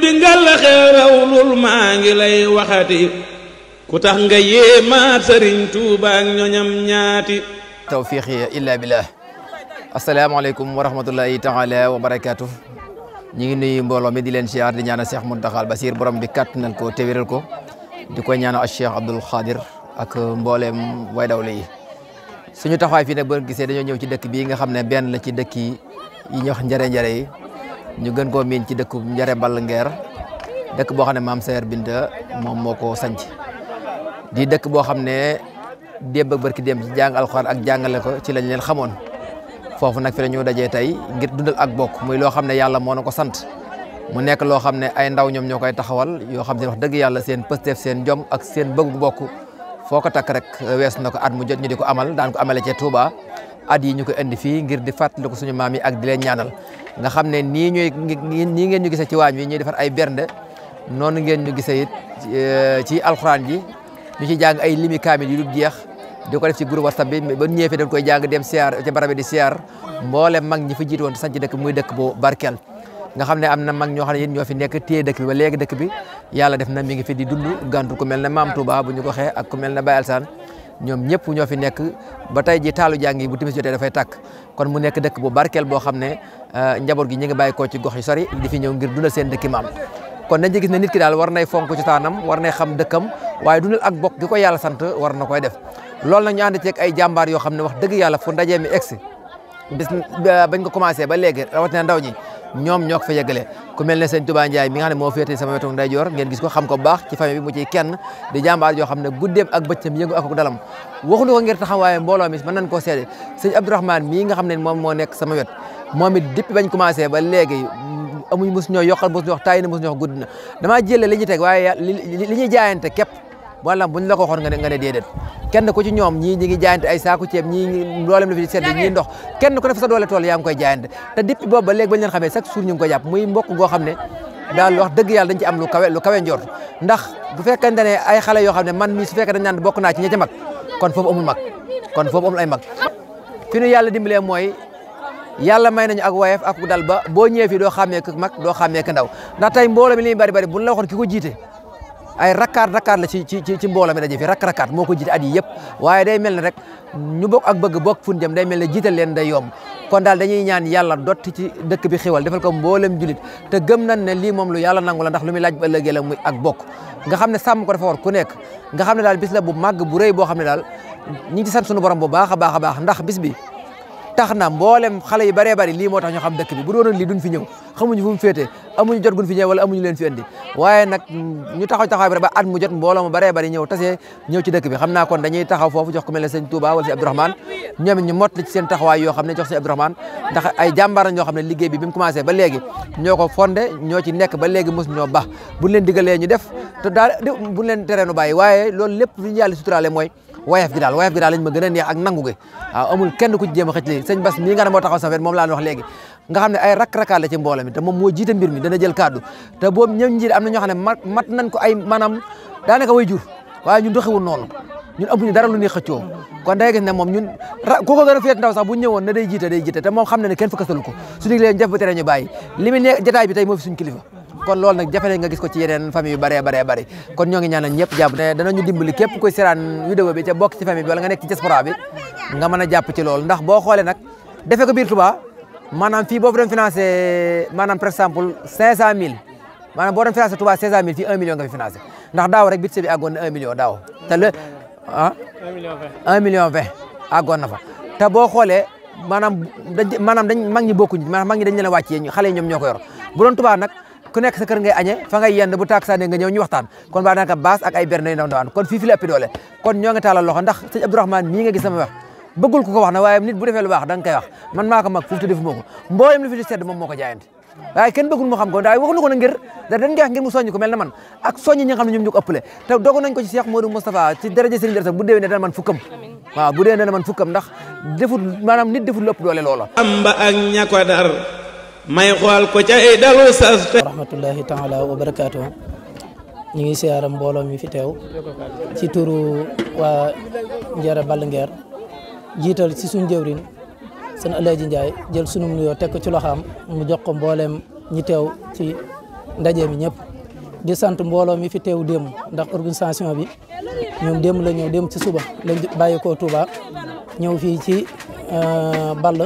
bi la xeerew lul maa ngi lay waxati ku tax nga yéemaat serigne touba ak ñoñam ñaati tawfiq ya, illa billah alaykum wa rahmatullahi taala wa barakatuh ñi ngi nuyu mbolo mi di len ziar di ñaanal Cheikh Mountakha Basir borom bi kàttanal ko téwéral ko di ñaanal Cheikh abdul Khadir ak mbooleem way dawle yi suñu taxawaay fi nak boo gisee dañu ñew ci dëkk bi nga xamne ben la ci dëkk yi ñuy wax njare yi ñu gën koo miin ci dëkk Njare Ngeer dëkk boo xam ne maam Sayer Binta moom moo ko sanc di dëkk boo xam ne démb ak barki dem ci jàng alxuraan ak jàngale ko ci lañ leen xamoon foofu nag fi ñu dajee tey ngir dundal ak bokk muy loo xam ne yàlla moo na ko sant mu nekk loo xam ne ay ndaw ñoom ñoo koy taxawal yoo xam ne wax dëgg yàlla seen pësteef seen jom ak seen bëggu bokk foo ko takk rek weesu na ko at mu jot ñu di ko amal daan ko amale ca Touba Adi yi ñuko indi fi ngir di ko suñu mam yi ak di leen ñaanal nga xamne ni ñuy ni ngeen ñu gisee ci waaj wi ñi defar ay bernde non ngeen ñu gisee it eh, ci alcorane ji ñu ci jang ay limi kamil yu dul jeex di ko def ci groupe whatsapp bi ba ñëwee fi dañ koy jang dem siyaar ci barabe di siyaar mbolé mag ñi fi dekk muy dekk bo barkel nga xamne ne am mag ñoo xam ne yéen ñoo fi nekk téye dekk bi ba legi dekk bi yalla def na mi ngi fi di dundu gandu ku melne mam Touba bu ñu ko ak ku melne Baye Alsane ñoom ñëpp ñoo fi nekk ba tey ji taalu jàng yi bu timis jotee dafay tàkk kon mu nekk dëkk bu barkeel boo xam ne euh, njaboot gi ñu ngi bàyyi koo ci gox yu sori di fi ñëw ngir dundal seen dëkki maam kon na ci na nit ki daal war nay fonk ci taanam war nay xam dëkkam waaye dundal ak bokk gi ko yàlla sant war na koy def loolu nag ñu ànd ceeg ay jàmbaar yoo xam ne wax dëgg yàlla fu ndaje mi egsi bis bañ ko commencé ba léegi rawatina ndaw ñi ñoom ñoo ko fa ku mel ne sëñ Touba Ndiaye mi nga xam moo féetee sama wetu ndeyjoor ngeen gis ko xam ko bu baax ci mu ciy kenn di jàmbaar yoo xam ne guddeem ak bëccëm yëngu ak dalam waxuñu ko ngir taxawaaye mbooloo mi mën nañ koo seede sëñ Abdourahmane mii nga xam ne moom moo nekk sama wet moom it depuis bañ commencé ba léegi amuñ mosu ñoo yokkal mosu ñoo wax taay na mosu ñoo na damaa jëlee li ñu teg waaye li ñuy jaayante képp mooy lam bu ñu la ko waxoon nga ne nga ne déedéet kenn ku ci ñoom ñii ñi ngi ay saaku ceeb ñii loolam la fi sedd ñii ndox kenn ku ne fa sa doole tool yaa koy jaayante te depuis boobu ba léegi ba ñu am lu kawe lu kawe njort ne ay xale yoo xam ne man mii su fekkee dañ naan bokk naa ci ña ca mag kon foofu amul mag kon mooy yàlla may nañu ak wayef ak dal ba boo ñëwee fii doo xàmmee ku mag doo xàmmee ku ndaw ndax tey mbooloo mi li bari bari buñ la waxoon ki ko jiite ay rakkaat rakkaat la ci ci ci mbooloo mi daje fi rakk rakkaat moo ko jiite at yi waaye day mel ne rek ñu bokk ak bëgg bokk fu ñu jëm day mel ne jiital leen day yomb kon daal dañuy ñaan yàlla dotti ci dëkk bi xéwal defal ko mboolem julit te gëm nan ne lii moom lu yàlla nangu la ndax lu muy laaj bu ëllëgee la muy ak bokk nga xam ne sàmm ko dafa war ku nekk nga xam ne daal bis la bu màgg bu rëy boo xam ne daal ñi ngi ci sant sunu borom bu baax a baax a baax ndax bis bi tax na mboolem xale yu bëree bëri lii moo tax ño xam dëkk bi bu doonoon lii duñ fi ñëw xamuñu mu féete amuñu jot guñ leen fi indi waaye nag ñu taxaw taxaw mu jot mbooloo mu bëree bëri ñëw tase ñëw ci dëkk bi xam naa kon dañuy taxaw foofu jox ku mel ne ñu seen taxawaay yoo xam ne jox sëñ Abdourahmane ndax ay jàmbaar ñoo xam ne liggéey bi bi mu commencé ba léegi ñoo ko fondé ñoo ci nekk ba léegi mos ñoo baax buñ leen digalee ñu def te daal buñ leen teree nu bàyyi waaye loolu lépp lu ñu yàlla suturaale mooy woyef gi daal woyef gi daal lañ ma gën a neex ak nangu ku ci jéem a xëcc léegi sëñ Bass mii nga ne moo taxaw sa wet moom laa wax léegi nga xam ne ay rak-rakaat la ci mbooloo mi te moom moo jiite mbir mi dana na ñoo xam ne mat nañ ko ñun amuñu dara lu ñuy xëccoo kon day gis ne moom ñun ku ko gën a féet ndaw sax bu ñëwoon ne day jiite day moom xam ne ne kenn fa kasalu ko su diglee jëf ba tere ñu bàyyi li mu bi tey moo suñ kilifa kon loolu nag jafe nga gis ko ci yeneen famille yu bëree bëree bëri kon ñoo ngi ñaanal ñëpp jàpp ne danañu dimbali képp kuy seraan vidéo bi ca bokk ci famille bi wala nga nekk ci diaspora nga mën a jàpp ci loolu ndax boo xoolee nag defe ko biir Touba maanaam fii boo fi doon financé maanaam par exemple 500000 maanaam boo doon financé Touba 500000 fii 1 million nga fi financé ndax daaw rek budget bi àggoon na 1 million daaw te le ah million 20 1 million àggoon na fa te boo xoolee maanaam dañ maanaam dañ mag ñi bokkuñ maanaam mag ñi dañ leen a wàccee xale yi ñoom ñoo ko yor ku nekk sa kër ngay añe fa ngay yenn bu taaksaane nga ñëw ñu waxtaan kon baa daanaka baas ak ay berne yu ndaw ndawaan kon fii fi doole kon ñoo taalal loxo ndax sëñ Abdourahmane mii nga gis sama wax bëggul ko wax na waaye nit bu defee wax man maa ko mag mu soññ ko mel na man ak soññ ñi nga xam ne ñoom ñu ko ëppale te dogu ko ci Cheikh Modou Moustapha ci daraja Serigne Dara bu déwénee dana man man fukkam amba ak ña dar may xool ko ca ay dalu sas te rahmatullahi taala wa barakaatu ñu ngi siyaara mbooloo mi fi teew ci turu waa Ndiéré Ball Nguer jiital si suñ jëwrin seen Alaaji Njaay jël sunu nuyoo teg ci loxaam mu jox ko mbooleem ñi teew ci ndaje mi ñëpp di sant mbooloo mi fi teew démb ndax organisation bi ñoom démb la ñëw démb ci suba lañ bàyyi koo Touba ñëw fii ci euh, Ball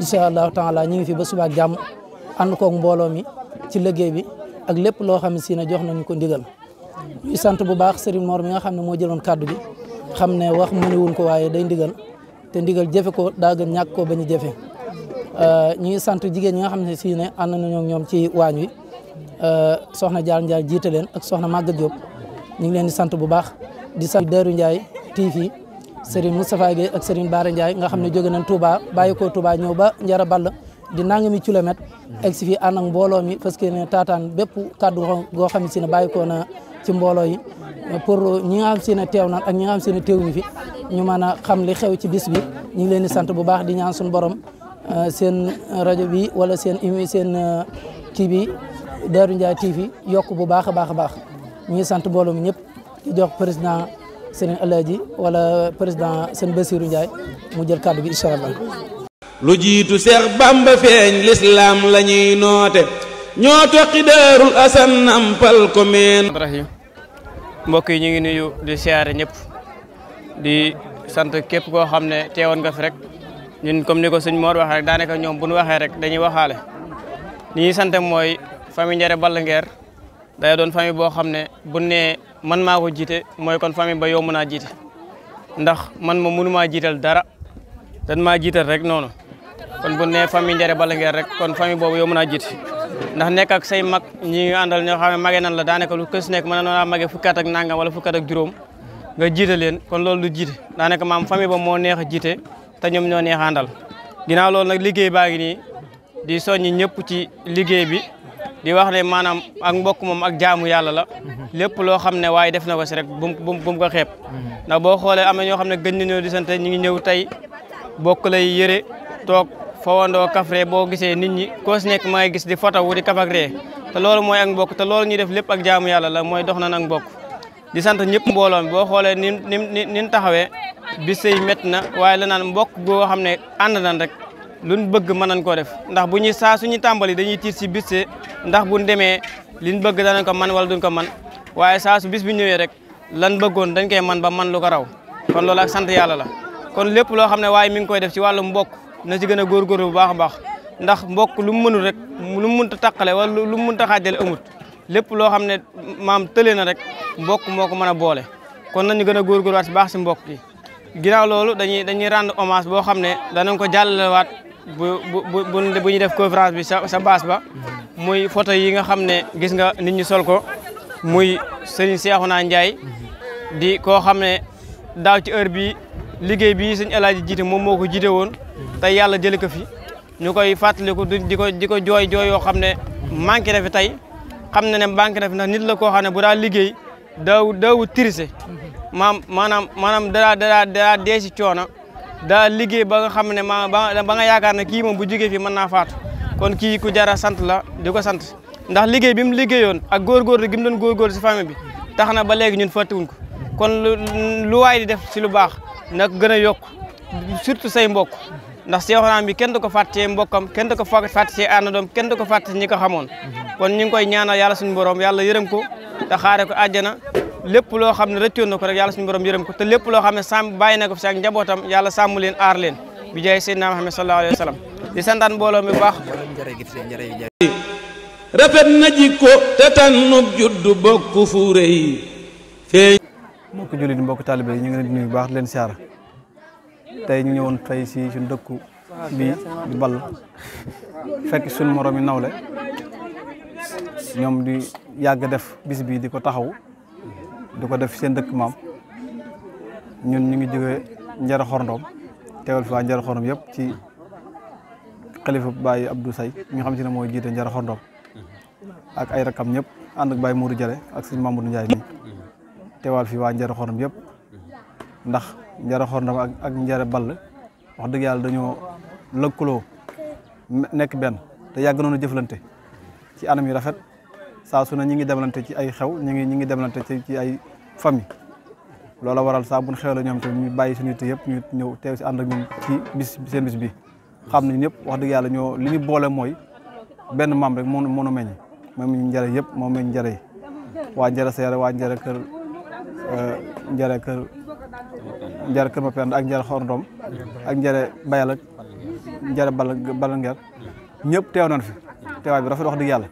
incha allahu taala ñu ngi fi ba suba ak jàmm ànd koog mbooloo mi ci liggéey bi ak lépp loo xam ne si ne jox nañu ko ndigal ñu sant bu baax Serigne moor mi nga xam ne moo jëloon kàddu gi xam ne wax mënewuñ ko waaye day ndigal te ndigal jëfe ko daa gën ko koo bañ a jëfe euh, ñu ngi sant jigéen ñi nga xam ne si ne ànd nañoo ñoom ci waañ wi euh, soxna Diar Ndiaye jiite leen ak soxna Maguette Diop ñu ngi leen di sant bu baax di sant Darou Ndiaye TV Serigne Moustapha Gueye ak Serigne Bara Ndiaye nga xamne joge nan nañ Touba bayiko ko Touba ñew ba Njara Ball di nangami kilomètre ak ci fi ànd ak mbolo mi parce que ne tatane bepp kaddu go xamni ci ne bayiko na ci mbolo yi pour ñi nga xam si ne teew ak ñi nga xam si ne teew fi ñu mëna xam li xew ci bis bi ñi ngi leen di sant bu baax di ñaan suñu borom euh, sen radio bi wala sen imi seen euh, kii bi TV yok bu baax a baax a baax ñu ngi sant mi ñep di jox president Serigne Alaaji wala president serigne Bassirou Ndiaye mu jël kàddu bi inshallah lu jitu cheikh Bamba feñ l'islam lañuy noté noote ñoo asan daarul pal nampal ko meen. mbok yi ñi ngi nuyu di siyaare ñep di sante kep koo xamne ne nga fi rek ñun comme niko serigne Mor wax rek daanaka ñoom bu ñu waxee rek dañuy waxaale ni sante moy mooy famille Ndiéré Ball Nguer day doon famille boo xam ne bu man mako jité moy kon famille ba yomb naa jiite ndax man mo jital dara dan ma jital rek nono kon bu nee famille bala ngeer rek kon famille bobu yomb naa jiite ndax nek ak say mag ñi nga àndal ñoo xamé magé nan la daanaka lu kess nek mën na magé magee fukkat ak nangam wala fukkat ak juroom nga jité len kon loolu du jiite daanaka mam famille ba mo neex jité ta ñom ñoo neex andal ginnaaw loolu nak liggéey baa ni di soññi ñepp ci liggéey bi di wax ne maanaam ak mbokk moom ak jaamu yàlla la lépp loo xam ne waaye def na ko si rek bu bu bu mu ko xeeb ndax boo xoolee am na ñoo xam ne gën nañoo di sant ñu ngi ñëw tey bokk lay yëre toog fawandoo kafre boo gisee nit ñi ko si nekk maa ngi gis di foto wu di kaf ak ree te loolu mooy ak mbokk te loolu ñuy def lépp ak jaamu yàlla la mooy dox nan ak mbokk di sant ñëpp mbooloo mi boo xoolee ni ni ni taxawee bis yi métti na waaye la naan mbokk boo xam ne ànd nan rek luñ bëgg mën nañ koo def ndax bu ñuy saa suñu tàmbali dañuy tiit si bis ndax buñ demee liñ bëgg danañ ko man wala duñ ko man waaye saa su bis bi ñëwee rek lan bëggoon dañ koy man ba man lu ko raw kon loolu ak sant yàlla la kon lépp loo xam ne waaye mi ngi koy def ci wàllu mbokk na ci gën a bu baax a baax ndax mbokk lu mu mënul rek lu mu mënta taqale wala lu mu mënta xaajale amut lépp loo xam ne maam tëlee na rek mbokk moo ko mën a boole kon nañu gën a góorgóorluwaat si baax si mbokk yi ginnaaw loolu dañuy dañuy rendre hommage boo xam ne danañ ko jàllalewaat bu bu bu bu ñu def conférence bi sa sa baas ba muy photo yi nga xam ne gis nga nit ñi sol ko muy Serigne Cheikhouna Ndiaye di koo xam ne daaw ci heure bi liggéey bii sëñ Alaaji jiite moom moo ko jiite woon tey yàlla jële ko fi ñu koy fàttaliku di ko di ko jooy jooy yoo xam ne manqué na fi tey xam na ne manqué na fi ndax nit la koo xam ne bu daa liggéey daaw daawu tirise maam maanaam maanaam dadaa dee si coono daa liggéey ba nga xam ne ma ba nga yaakaar ne kii moom bu jógee fi mën naa faatu kon kii ku jara sant la di ko sant ndax liggéey bi mu liggéeyoon ak góorgóorlu gi mu doon góorgóorlu si famille bi tax na ba léegi ñun fàttiwuñ ko kon lu waay di def si lu baax nag gën a yokk surtout say mbok ndax seexonaam bi kenn du ko fàttee mbokkam kenn du ko fàtte see àndandoom kenn du ko fàtte ñi ko xamoon kon ñu koy ñaanal yàlla suñu borom yàlla yërëm ko te xaare ko àjjana lepp lo xamne ne nako na rek yalla suñu borom yërëm ko te lepp lo xamne sam sàmm na ko fi ak njabotam yalla sàmm len ar len bi jaay Seydina Muhammad sallallahu alaihi wasallam di santan mbooloo mi bax rafet na jikko te tànnub juddu bokk fu rëy feeñ mbok jullit mbokk ñu ngi di nuyu baax leen siyaara tey ñu ñëwoon fay si suñu di bal fekk suñu morom yi nawle ñom di yag def bis bi di ko taxaw du ko def seen dëkk maam ñun ñu ngi jógee Njara Xorndom teewal fi waa Njara Xorndom yëpp ci xalifa Baye Abdou Say ñu xam si ne mooy jiite Njara Xorndom ak ay rakam ñëpp ànd ak Baye Mourou Diallo ak sëñ Mamadou Ndiaye mi teewal fi waa Njara Xorndom yëpp ndax Njara Xorndom ak ak Njara Ball wax dëgg yàlla dañoo lëkkaloo nekk benn te yàgg noonu jëflante ci anam yu rafet. sa suna ñi ngi demlante ci ay xew ñi ngi ñi ngi demlante ci ay famille loola waral sa buñ xew ñom tam ñu bayyi suñu yitte yëpp ñu ñew teew ci and ak ñun ci bis seen bis bi xam nañ ñëpp wax dëgg yalla ñoo li ñu bolé moy benn maam rek mo moonu meñ moom ñu njëre yëpp moom meñ njëre wa waa njëre seere waa njëre kër euh, njëre kër njëre kër ma pend ak njëre xorndom ak njëre bayal ak njëre bal bal balangeer ñëpp teew nañ fi teewaay bi rafet wax dëgg yalla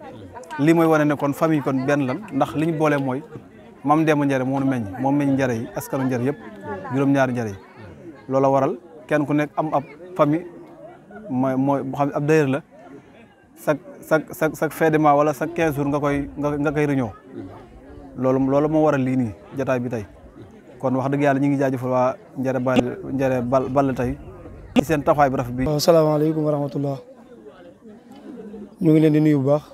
lii mooy wane ne kon famille kon benn lan ndax li ñu boole mooy mam Demba Ndiare moo nu meññ moom meññ Ndiare yi askanu Ndiare yëpp juróom-ñaari Ndiare yi loola waral kenn ku nekk am ab famille mooy mooy bu xam ab dayër la chaque chaque chaque chaque fin wala chaque quinze jours nga koy nga koy réunion loolu loolu moo waral lii nii jataay bi tey kon wax dëgg yàlla ñu ngi jaajëfal waa Ndiare Bal Bal Bal tey ci seen taxawaay bu rafet bi. asalaamaaleykum wa rahmatullah ngi leen di nuyu baax.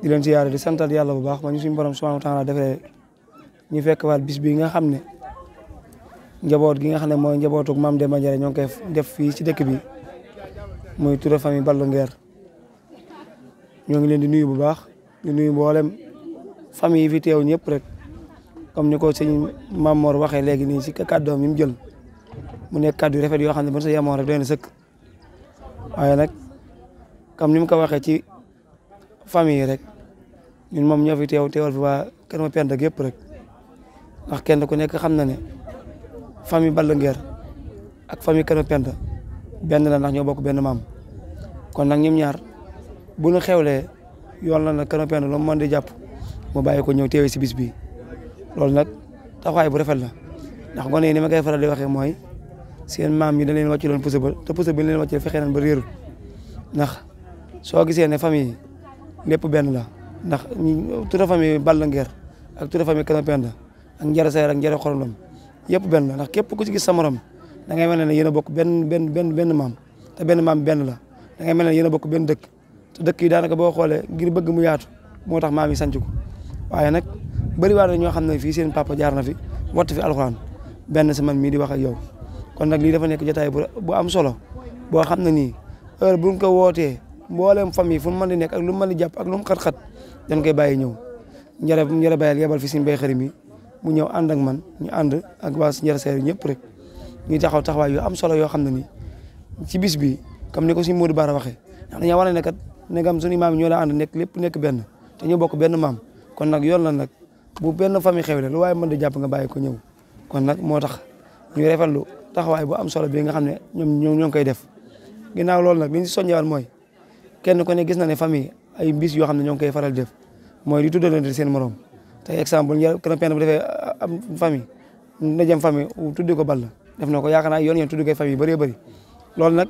di len ziyaare di santal yalla bu baax ba ñu suñu borom subhanahu wa taala defee ñu fekk wal bis bi nga xamné njabot gi nga xamné moy njabotuk mam maam Demba Ndiaye ñoo ngi koy def fi ci dëkk bi moy Touré famille ballu Nguer ñong leen di nuyu bu baax di nuyu mbolem famille yi fi teew ñëpp rek comme ni ko mam mor waxee léegi nii ci kàddoom mi mu jël mu nek kàddu rafet yo xamné ne ba sa yamo rek doyna na sëkk waaye kam comme ni ko waxee ci famille rek ñun moom ñoo fi teew teewal fi waa kër ma penda gépp rek ndax kenn ku nekk xam na ne famille Balla Nguer ak famille kër ma penda benn na nax ñoo bokk benn maam kon nag ñoom ñaar bu ñu xewlee yoon la nag kër ma penda lu mu di jàpp mu bàyyi ko ñëw teewee si bi loolu nag taxawaay bu rafet la ndax gone yi ni ma koy faral di waxee mooy seen maam yi da leen wàccu loon puso ba te puso bi leen wàccee fexe nañ ba réerul ndax soo gisee ne famille lépp ben la ndax toute famille Balla Nguer ak toute famille la ak Njara Sayar ak Njara xolam yëpp ben la ndax képp ku ci gis samaram da ngay mel ne yéen a bokk nula, ben benn benn maam te ben mam ben la da ngay mel ne yéen a bokk benn dëkk te dekk yi danaka bo xoolee ngir bëgg mu yaatu motax mam yi sanc ko waye nak bari ñoo xamne fi seen papa jaar na fi wott fi alcorane ben man di wax ak yow kon nak li dafa nek jotaay bu am solo bo xamne ni heure buñ ko wote mboolem famille fu mu mën di nekk ak lu mu mën di jàpp ak lu mu xat-xat dañ koy bàyyi ñëw njëre njëre bayal yebal fi suñu bay xarit mi mu ñëw ànd ak man ñu ànd ak waa njëre seer ñëpp rek ñu taxaw taxawaay yu am solo yoo xam ne nii ci bis bi comme ni ko suñu Modou Bara waxee ndax dañoo wane ne kat ne gam suñu maam ñoo la ànd nekk lépp nekk benn te bokk benn maam kon nag yoon la nag bu benn famille xewle lu waaye mën di jàpp nga bàyyi ñëw kon nag moo tax ñu refetlu taxawaay bu am solo bi nga xam ne ñoom ñoo ngi koy def ginnaaw loolu nag li ñu si soññewaat mooy kenn ku ne gis na ne famille ay bis yoo xam ne ñoo ngi koy faral def mooy di tuddalante seen morom tey exemple kenn bu defee famille na jëm famille tudde ko ball def na ko yaakaar naa yoon yéen tudde koy famille bëree bëri loolu nag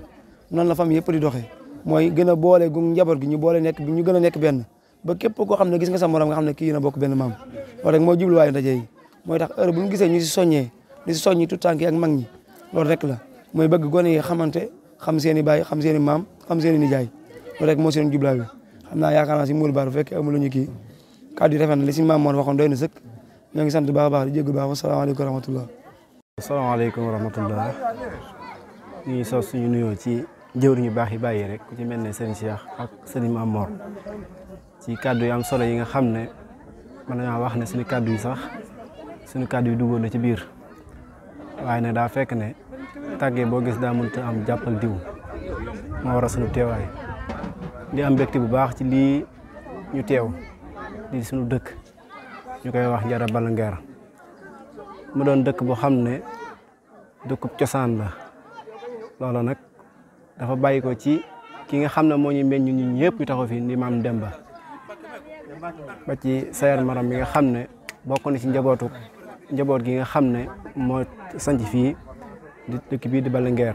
noonu la famille yëpp di doxee mooy gën a boole gu njaboot gi ñu boole nekk ñu gën a nekk benn ba képp koo xam ne gis nga sa morom nga xam ne kii na bokk benn maam loolu rek moo jubluwaayu ndaje yi mooy tax heure bu ñu gisee ñu si soññee di si soññi tout tànk yi ak mag ñi loolu rek la mooy bëgg gone yi xamante xam seen i baay xam seen maam xam seen nijaay rek mo seen jublaay bi xamna naa yaakaar naa si Mbour Ba bu fekkee amul lu na li si maam moon waxoon doy na sëkk ngi sant bu baax baax di jéggu baax assalamu alaykum rahmatullah assalamu alaykum rahmatullah ñu so suñu nuyo ci jëwriñ baax yi baye rek ku ci melne Cheikh ak Serigne Mame Mor ci kaddu yi am solo yi nga xamne man nga wax ne suñu kaddu yi sax suñu kaddu yi na ci biir waye ne da fekk ne tagge bo gis mën ta am jappal diw mo wara suñu teway di am bekti bu baax ci li ñu tew di suñu dëkk ñukay koy wax Ndiara Balanguer mu doon dëkk bu xamne ne dëkkub cosaan la loolu nak dafa bayiko ci ki nga xamne mo ñu meñ ñun ñepp yu taxaw fi ni mam Demba ba ci sayar maram mi nga xamne bokku ni ci njabootu njaboot gi nga xamne mo moo fi di dëkk bi di Balanguer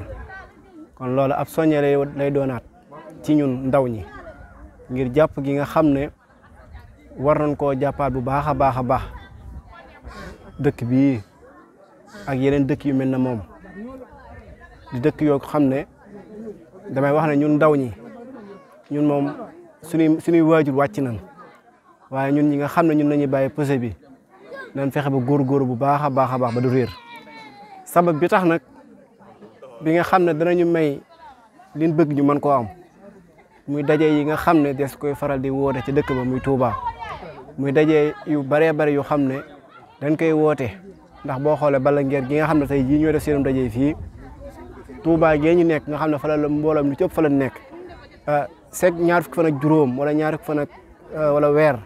kon loolu ab soññee lay donat ci ñun ndaw ñi ngir japp gi nga xamne war nañ ko jappal bu baaxa baaxa baax dekk bi ak yeneen dekk yu melna mom di dekk yo xamne damay wax ne ñun ndaw ñi ñun mom suñu suñu wajur wacc nañ waye ñun ñi nga xamne ñun lañuy baye posé bi nañ fexé ba gor gor bu baaxa baaxa baax ba du sabab bi tax nak bi nga xamne dana may liñ bëgg ñu mën ko am muy daje yi nga xam ne des koy faral di woote ci dëkk ba muy Touba muy daje yu baree bari yu xam ne dañ koy woote ndax boo xoolee bala ngeer gi nga xam ne tey jii ñoo def seenum daje fii Touba gee ñu nekk nga xam ne fa la mbooloom lu ci ëpp nekk euh, seeg ñaar fukki fan juróom wala ñaar fukki fan ak euh, wala weer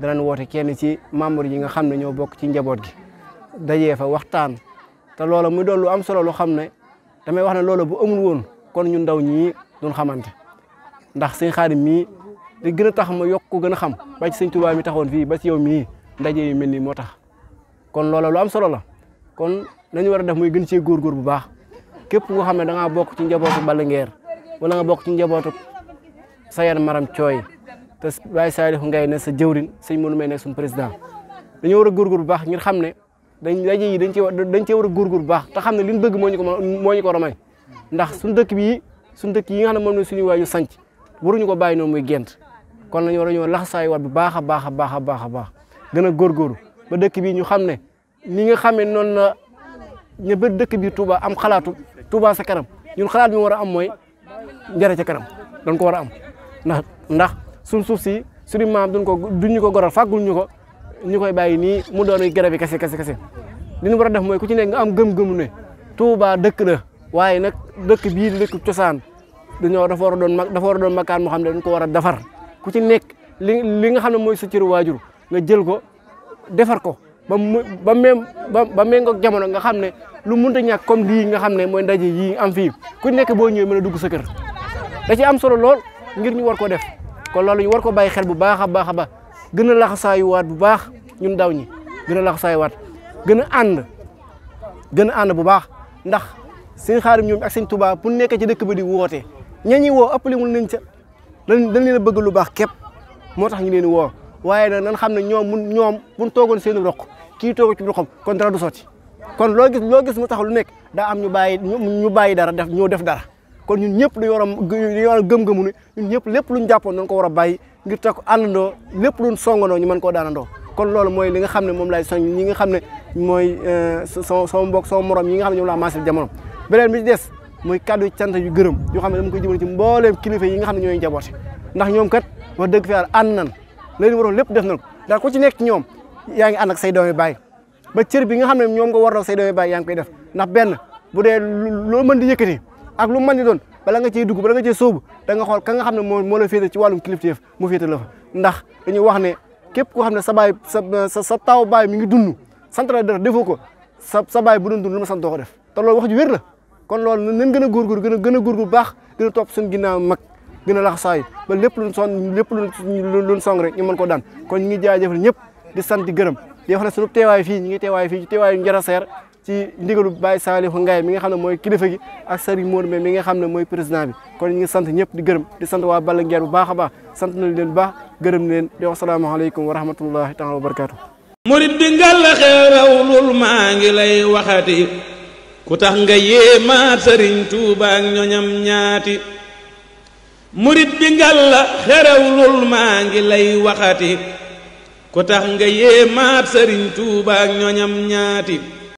danañ woote kenn ci membre yi nga xam ne ñoo bokk ci njaboot gi dajee fa waxtaan te loola muy doon lu am solo lu xam ne damay wax ne loola bu amul woon kon ñu ndaw ñi duñ xamante ndax seigne khadim mi di gëna tax ma yok ko gëna xam ba ci seigne touba mi taxone fi ba ci yow mi ndaje yu melni motax kon loolu lu am solo la kon nañu wara def muy gën ci gor gor bu baax kep ko xam da nga bok ci njabootu Balla wala nga bok ci njabootu sayen Maram choy te bay Saliou ngay ne sa jëwrin seigne Modou May nekk sun president dañu wara gor gor bu baax ngir xam dañ laje yi dañ ci dañ ci wara gor gor bu baax te xam liñ bëgg moñu ko moñu ko ramay ndax sun dëkk bi sun dëkk yi nga xam mom la suñu wayu sanci waruñu ko bàyyi noonu muy gent kon lañu war a ñoo laxasaayu war bu baax a baax a baax a baax a baax gën a góorgóorlu ba dëkk bi ñu xam ne ni nga xamee noonu la ñu ba dëkk bi Touba am xalaatu Touba sa kanam ñun xalaat bi war a am mooy njëriñ ca kanam dañ ko war a am ndax ndax suñ suuf si suñu maam duñ ko duñ ñu ko goral fàggul ñu ko ñu koy bàyyi nii mu doon garab yi kese kese kese li ñu war a def mooy ku ci nekk nga am gëm-gëmu ne Touba dëkk la waaye nag dëkk bii dëkk cosaan dañoo dafa war doon dafa war a doon makaan moo xam ne dañ ko war a defar ku ci nekk li li nga xam ne mooy sa cëru waajur nga jël ko defar ko ba mu ba même ba ba méngoog jamono nga xam ne lu mënta ñàkk comme yi nga xam ne mooy ndaje yi am fii ku nekk boo ñëwee mën a dugg sa kër da ci am solo lool ngir ñu war ko def ko loolu ñu war ko bàyyi xel bu baax a baax a baax gën a laxasaayuwaat bu baax ñu ndaw ñi gën a waat gën a ànd gën a ànd bu baax ndax. seen xaarim ñoom ak seen tuba bu nekk ci dëkk bi di woote ñañi woo ëppaliwul nañ ca dañ dañ leen bëgg lu baax kep moo tax ñu leen woo waaye nag nan xam ne ñoom mun ñoom buñ toogoon seen roq kii toog ci roqam kon dara du sotti kon loo gis loo gis mu tax lu nekk daa am ñu bàyyi ñu bàyyi dara def ñoo def dara kon ñun ñëpp dañoo war a gëm-gëmu ne ñun ñëpp lépp luñ jàppoon dañ ko war a bàyyi ngir takk àndandoo lépp luñ songandoo ñu mën koo daanandoo kon loolu mooy li nga xam ne moom laay soñ ñi nga xam ne mooy euh, sama sama mbokk sama morom ñi nga xam ne ñoom laa maasil jamono benen bi ci des muy kaddu cant yu geureum yo xamne dama koy jëmul ci mbooleem kilifa yi nga xamne ñoy ñooy ndax ñom kat wa deug fi yar annan leen waro lepp def nan ko ndax ku ci nekk ci ñoom yaa and ak say doomi bay ba cër bi nga xamne ñom nga waro say doomi bay yaa ngi koy def ndax ben bu dee lo mën di yëkëti ak lu mën di doon bala nga ci dugg bala nga ci soobu da nga xol ka nga xamne mo la fété ci wàllum kilifteef mu fété la fa ndax dañu wax ne képp ko xamne sa bay sa sa taw bay mi ngi dund sant def dara sa sa baay bu dund lu ma santoko def ta loolu wax ju wér la kon loolu nañ gën a góorgóor gën a gën a góorgóor baax gën a topp suñu ginnaaw mag gën a laxasaayu ba lépp luñ son lépp luñ luñ song rek ñu mën ko daan kon ñu ngi jaajëfal ñëpp di sant di gërëm di wax ne suñu fii ñu ngi teewaay fii ci teewaayu njara seer ci ndigalu Baye Saliou Ngaye ne mooy kilifa gi ak Serigne Mor mi nga xam ne mooy président bi kon ñu sant ñëpp di gërëm di sant waa Balla Nguer bu baax a baax sant nañ leen bu baax gërëm leen di wax salaamaaleykum wa rahmatullahi taala wa barakaatu murit di ngal xew raw lul maa ngi ku tax nga yéemaat sëriñ tuuba ak ñoñam ñaati murit bi ngal la xerewlul maa ngi lay waxati ku tax nga yéemaat sëriñ tuuba ak ñoñam ñaati